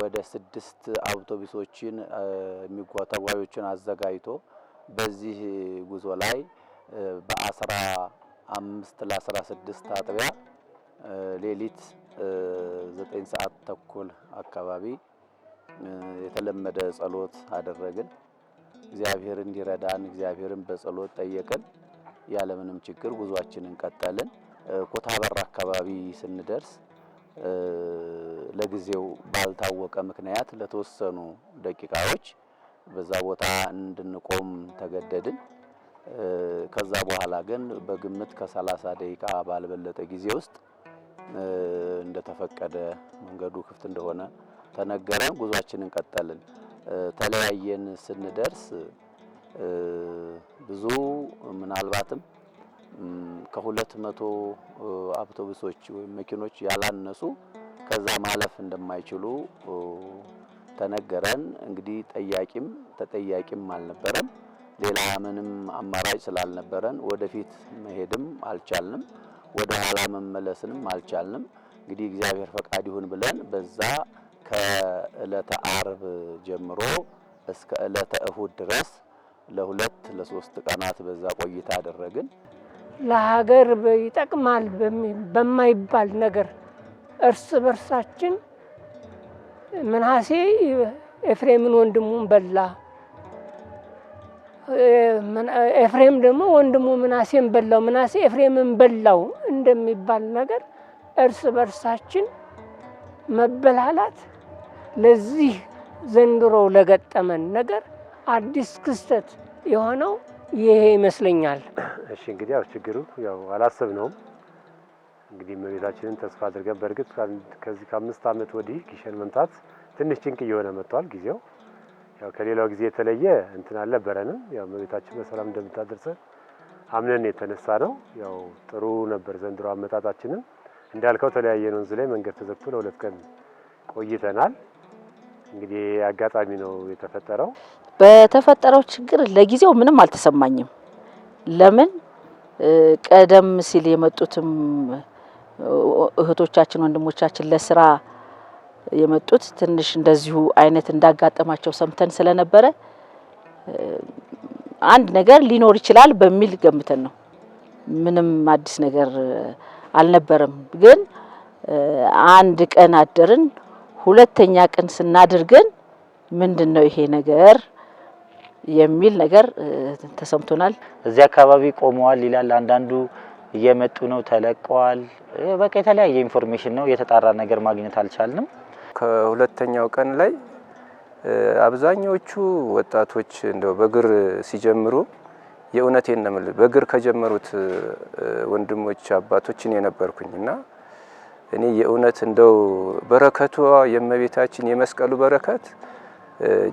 ወደ ስድስት አውቶቡሶችን የሚጓዙ ተጓዦችን አዘጋጅቶ በዚህ ጉዞ ላይ በአስራ አምስት ለአስራ ስድስት አጥቢያ ሌሊት ዘጠኝ ሰዓት ተኩል አካባቢ የተለመደ ጸሎት አደረግን። እግዚአብሔር እንዲረዳን እግዚአብሔርን በጸሎት ጠየቅን። ያለምንም ችግር ጉዟችንን ቀጠልን። ኮታበር አካባቢ ስንደርስ ለጊዜው ባልታወቀ ምክንያት ለተወሰኑ ደቂቃዎች በዛ ቦታ እንድንቆም ተገደድን። ከዛ በኋላ ግን በግምት ከ ከ30 ደቂቃ ባልበለጠ ጊዜ ውስጥ እንደተፈቀደ መንገዱ ክፍት እንደሆነ ተነገረን። ጉዟችንን ቀጠልን። ተለያየን ስንደርስ ብዙ ምናልባትም ከሁለት መቶ አውቶቡሶች ወይም መኪኖች ያላነሱ ከዛ ማለፍ እንደማይችሉ ተነገረን። እንግዲህ ጠያቂም ተጠያቂም አልነበረም። ሌላ ምንም አማራጭ ስላልነበረን ወደፊት መሄድም አልቻልንም፣ ወደ ኋላ መመለስንም አልቻልንም። እንግዲህ እግዚአብሔር ፈቃድ ይሁን ብለን በዛ ከእለተ አርብ ጀምሮ እስከ እለተ እሁድ ድረስ ለሁለት ለሶስት ቀናት በዛ ቆይታ አደረግን። ለሀገር ይጠቅማል በማይባል ነገር እርስ በርሳችን ምናሴ ኤፍሬምን ወንድሙን በላ፣ ኤፍሬም ደግሞ ወንድሙ ምናሴን በላው፣ ምናሴ ኤፍሬምን በላው እንደሚባል ነገር እርስ በርሳችን መበላላት ለዚህ ዘንድሮ ለገጠመን ነገር አዲስ ክስተት የሆነው ይሄ ይመስለኛል። እሺ እንግዲህ ያው ችግሩ ያው አላሰብነውም። እንግዲህ እመቤታችንን ተስፋ አድርገን በእርግጥ ከዚህ ከአምስት ዓመት ወዲህ ጊሸን መምጣት ትንሽ ጭንቅ እየሆነ መጥቷል። ጊዜው ያው ከሌላው ጊዜ የተለየ እንትን አልነበረንም። ያው እመቤታችን በሰላም እንደምታደርሰን አምነን የተነሳ ነው። ያው ጥሩ ነበር ዘንድሮ አመጣጣችንም። እንዳልከው ነው። ወንዝ ላይ መንገድ ተዘግቶ ለሁለት ቀን ቆይተናል። እንግዲህ አጋጣሚ ነው የተፈጠረው። በተፈጠረው ችግር ለጊዜው ምንም አልተሰማኝም። ለምን ቀደም ሲል የመጡትም እህቶቻችን ወንድሞቻችን ለስራ የመጡት ትንሽ እንደዚሁ አይነት እንዳጋጠማቸው ሰምተን ስለነበረ አንድ ነገር ሊኖር ይችላል በሚል ገምተን ነው። ምንም አዲስ ነገር አልነበረም። ግን አንድ ቀን አደርን። ሁለተኛ ቀን ስናድርግን ምንድን ነው ይሄ ነገር የሚል ነገር ተሰምቶናል። እዚያ አካባቢ ቆመዋል ይላል አንዳንዱ፣ እየመጡ ነው ተለቀዋል። በቃ የተለያየ ኢንፎርሜሽን ነው፣ የተጣራ ነገር ማግኘት አልቻልንም። ከሁለተኛው ቀን ላይ አብዛኞቹ ወጣቶች እንደው በእግር ሲጀምሩ የእውነቴን ነው የምልህ በእግር ከጀመሩት ወንድሞች አባቶችን የነበርኩኝ እና እኔ የእውነት እንደው በረከቷ የእመቤታችን የመስቀሉ በረከት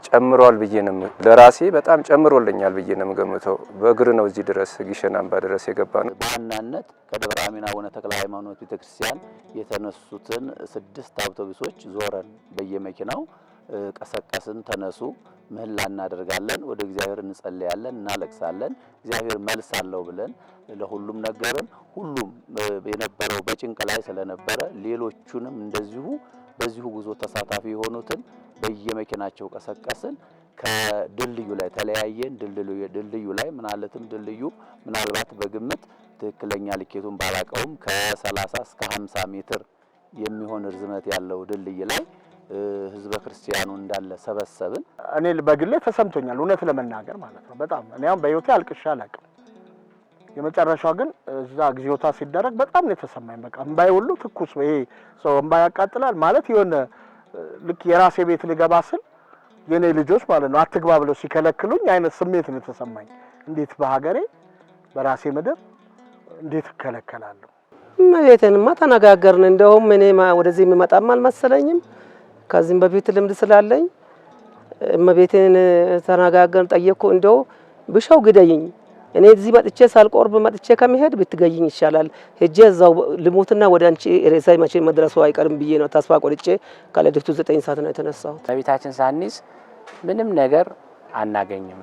ጨምሯል ብዬ ነው ለራሴ በጣም ጨምሮልኛል ብዬ ነው የምገምተው። በእግር ነው እዚህ ድረስ ግሸን አምባ ድረስ የገባ ነው። በዋናነት ከደብረ አሚን አቡነ ተክለ ሃይማኖት ቤተክርስቲያን የተነሱትን ስድስት አውቶቡሶች ዞረን በየመኪናው ቀሰቀስን። ተነሱ ምህላ እናደርጋለን፣ ወደ እግዚአብሔር እንጸለያለን፣ እናለቅሳለን። እግዚአብሔር መልስ አለው ብለን ለሁሉም ነገርን። ሁሉም የነበረው በጭንቅ ላይ ስለነበረ ሌሎቹንም እንደዚሁ በዚሁ ጉዞ ተሳታፊ የሆኑትን በየመኪናቸው ቀሰቀስን። ከድልድዩ ላይ ተለያየን። ድልድዩ ላይ ምናለትም ድልድዩ ምናልባት በግምት ትክክለኛ ልኬቱን ባላቀውም ከ30 እስከ 50 ሜትር የሚሆን ርዝመት ያለው ድልድይ ላይ ህዝበ ክርስቲያኑ እንዳለ ሰበሰብን። እኔ በግሌ ተሰምቶኛል፣ እውነት ለመናገር ማለት ነው። በጣም እኔ አሁን በህይወቴ አልቅሼ አላውቅም። የመጨረሻው ግን እዛ ጊዜታ ሲደረግ በጣም ነው የተሰማኝ። በቃ እምባይ ሁሉ ትኩስ ይሄ ሰው እምባ ያቃጥላል ማለት የሆነ ልክ የራሴ ቤት ልገባ ስል የኔ ልጆች ማለት ነው አትግባ ብለው ሲከለክሉኝ አይነት ስሜት ነው የተሰማኝ። እንዴት በሀገሬ በራሴ ምድር እንዴት እከለከላለሁ? እመቤትንማ ተነጋገርን። እንደውም እኔ ወደዚህ የሚመጣም አልመሰለኝም ከዚህም በፊት ልምድ ስላለኝ እመቤቴን ተነጋገርን፣ ጠየቅኩ። እንደው ብሻው ግደይኝ፣ እኔ እዚህ መጥቼ ሳልቆርብ መጥቼ ከመሄድ ብትገይኝ ይሻላል፣ ሄጄ እዛው ልሞትና ወደ አንቺ ሬሳይ መቼ መድረሱ አይቀርም ብዬ ነው ተስፋ ቆርጬ ከሌሊቱ ዘጠኝ ሰዓት ነው የተነሳሁት። እመቤታችን ሳኒስ ምንም ነገር አናገኝም።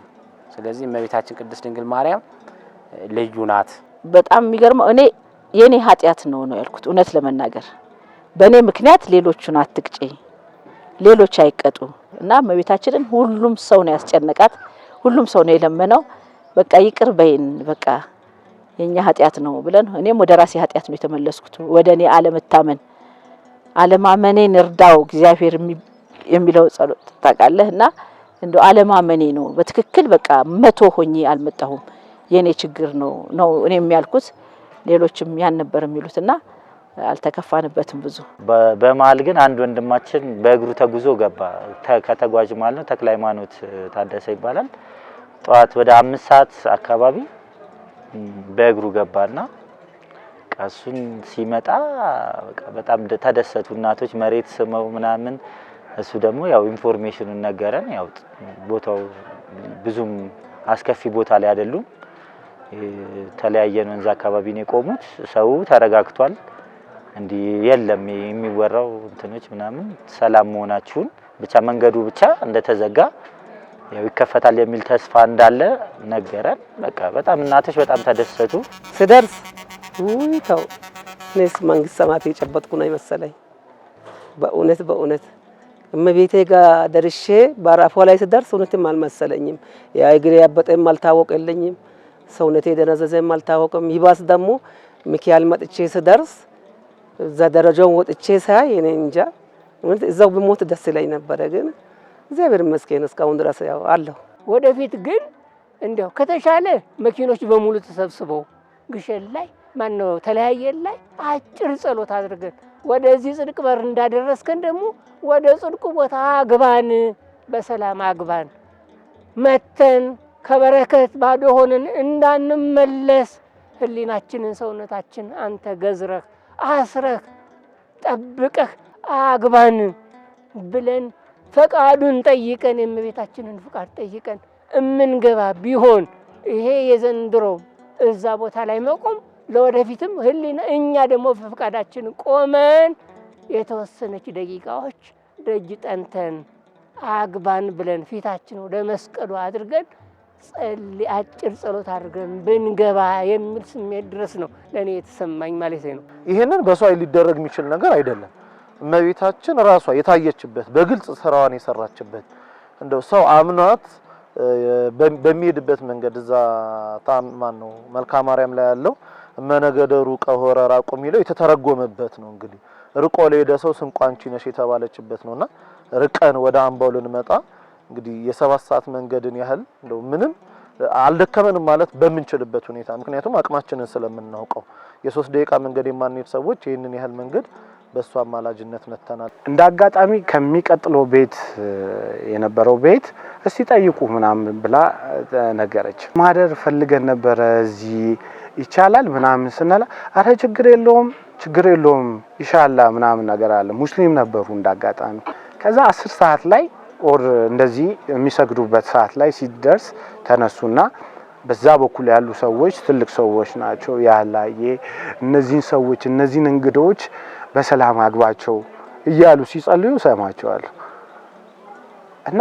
ስለዚህ እመቤታችን ቅድስት ድንግል ማርያም ልዩ ናት። በጣም የሚገርመው እኔ የእኔ ኃጢአት ነው ነው ያልኩት። እውነት ለመናገር በእኔ ምክንያት ሌሎቹን አትቅጪ ሌሎች አይቀጡ እና እመቤታችንን ሁሉም ሰው ነው ያስጨነቃት። ሁሉም ሰው ነው የለመነው። በቃ ይቅር በይን በቃ የኛ ኃጢአት ነው ብለን እኔም ወደ ራሴ ኃጢአት ነው የተመለስኩት። ወደ እኔ አለመታመን አለማመኔን እርዳው እግዚአብሔር የሚለው ጸሎት ታውቃለህ። እና እንደ አለማመኔ ነው በትክክል በቃ መቶ ሆኜ አልመጣሁም የኔ ችግር ነው ነው እኔ የሚያልኩት ሌሎችም ያን ነበር የሚሉትና አልተከፋንበትም ብዙ። በመሀል ግን አንድ ወንድማችን በእግሩ ተጉዞ ገባ። ከተጓዥ ማለት ነው። ተክለ ሃይማኖት ታደሰ ይባላል። ጠዋት ወደ አምስት ሰዓት አካባቢ በእግሩ ገባና ቀሱን ሲመጣ በጣም ተደሰቱ እናቶች መሬት ስመው ምናምን። እሱ ደግሞ ያው ኢንፎርሜሽኑን ነገረን። ያው ቦታው ብዙም አስከፊ ቦታ ላይ አይደሉም። የተለያየን ወንዝ አካባቢ ነው የቆሙት። ሰው ተረጋግቷል። እንዲህ የለም የሚወራው እንትኖች ምናምን ሰላም መሆናችሁን ብቻ መንገዱ ብቻ እንደተዘጋ ያው ይከፈታል የሚል ተስፋ እንዳለ ነገረን። በቃ በጣም እናቶች በጣም ተደሰቱ። ስደርስ ውይ ተው እኔስ መንግስት ሰማት የጨበጥኩ ነው ይመሰለኝ። በእውነት በእውነት እመቤቴ ጋር ደርሼ በአራፏ ላይ ስደርስ እውነትም አልመሰለኝም። ያ እግሬ ያበጠም አልታወቀልኝም፣ ሰውነቴ የደነዘዘም አልታወቅም። ይባስ ደግሞ ሚካኤል መጥቼ ስደርስ እዛ ደረጃውን ወጥቼ ሳይ እኔ እንጃ እዛው ብሞት ደስ ይለኝ ነበረ። ግን እግዚአብሔር ይመስገን እስካሁን ድረስ ያው አለሁ። ወደፊት ግን እንዲያው ከተሻለ መኪኖች በሙሉ ተሰብስበው ግሸን ላይ ማነው ተለያየን ላይ አጭር ጸሎት አድርገን ወደዚህ ጽድቅ በር እንዳደረስከን ደግሞ ወደ ጽድቁ ቦታ አግባን፣ በሰላም አግባን። መተን ከበረከት ባዶ ሆነን እንዳንመለስ ህሊናችንን ሰውነታችን አንተ ገዝረህ አስረህ ጠብቀህ አግባን ብለን ፈቃዱን ጠይቀን የእመቤታችንን ፍቃድ ጠይቀን እምንገባ ቢሆን ይሄ የዘንድሮ እዛ ቦታ ላይ መቆም ለወደፊትም ህሊና እኛ ደግሞ በፍቃዳችን ቆመን የተወሰነች ደቂቃዎች ደጅ ጠንተን አግባን ብለን ፊታችን ወደ መስቀሉ አድርገን ጸልይ አጭር ጸሎት አድርገን ብንገባ የሚል ስሜት ድረስ ነው ለእኔ የተሰማኝ ማለት ነው። ይህንን በሰው ኃይል ሊደረግ የሚችል ነገር አይደለም። እመቤታችን ራሷ የታየችበት በግልጽ ስራዋን የሰራችበት እንደው ሰው አምኗት በሚሄድበት መንገድ እዛ ታማን ነው መልካ ማርያም ላይ ያለው መነገደሩ ቀሆረ ራቁ የሚለው የተተረጎመበት ነው። እንግዲህ ርቆ ለሄደ ሰው ስንቋንቺ ነሽ የተባለችበት ነውና ርቀን ወደ አምባው ልንመጣ እንግዲህ የሰባት ሰዓት መንገድን ያህል እንደው ምንም አልደከመንም ማለት በምንችልበት ሁኔታ ምክንያቱም አቅማችንን ስለምናውቀው የሶስት ደቂቃ መንገድ የማንሄድ ሰዎች ይህንን ያህል መንገድ በእሱ አማላጅነት መተናል። እንደ አጋጣሚ ከሚቀጥለው ቤት የነበረው ቤት እስቲ ጠይቁ ምናምን ብላ ነገረች። ማደር ፈልገን ነበረ እዚህ ይቻላል ምናምን ስንላ አረ ችግር የለውም ችግር የለውም ይሻላ ምናምን ነገር አለ። ሙስሊም ነበሩ እንደ አጋጣሚ። ከዛ አስር ሰዓት ላይ ኦር እንደዚህ የሚሰግዱበት ሰዓት ላይ ሲደርስ ተነሱና በዛ በኩል ያሉ ሰዎች ትልቅ ሰዎች ናቸው። ያላየ እነዚህን ሰዎች እነዚህን እንግዶች በሰላም አግባቸው እያሉ ሲጸልዩ ሰማቸዋል። እና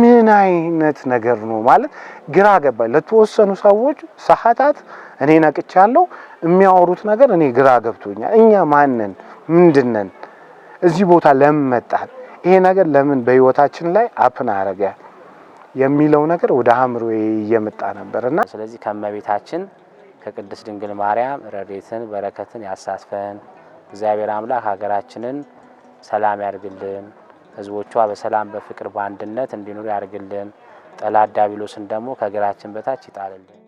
ምን አይነት ነገር ነው ማለት ግራ ገባኝ። ለተወሰኑ ሰዎች ሰዓታት እኔ ነቅቻለሁ። የሚያወሩት ነገር እኔ ግራ ገብቶኛል። እኛ ማንን ምንድነን? እዚህ ቦታ ለምን መጣን? ይሄ ነገር ለምን በህይወታችን ላይ አፕን አረገ የሚለው ነገር ወደ አእምሮ እየመጣ እና ስለዚህ ከመቤታችን ከቅድስት ድንግል ማርያም ረድኤትን በረከትን ያሳትፈን። እግዚአብሔር አምላክ ሀገራችንን ሰላም ያርግልን፣ ህዝቦቿ በሰላም በፍቅር በአንድነት እንዲኖሩ ያርግልን፣ ጠላት ዲያብሎስን ደግሞ ከእግራችን በታች ይጣልልን።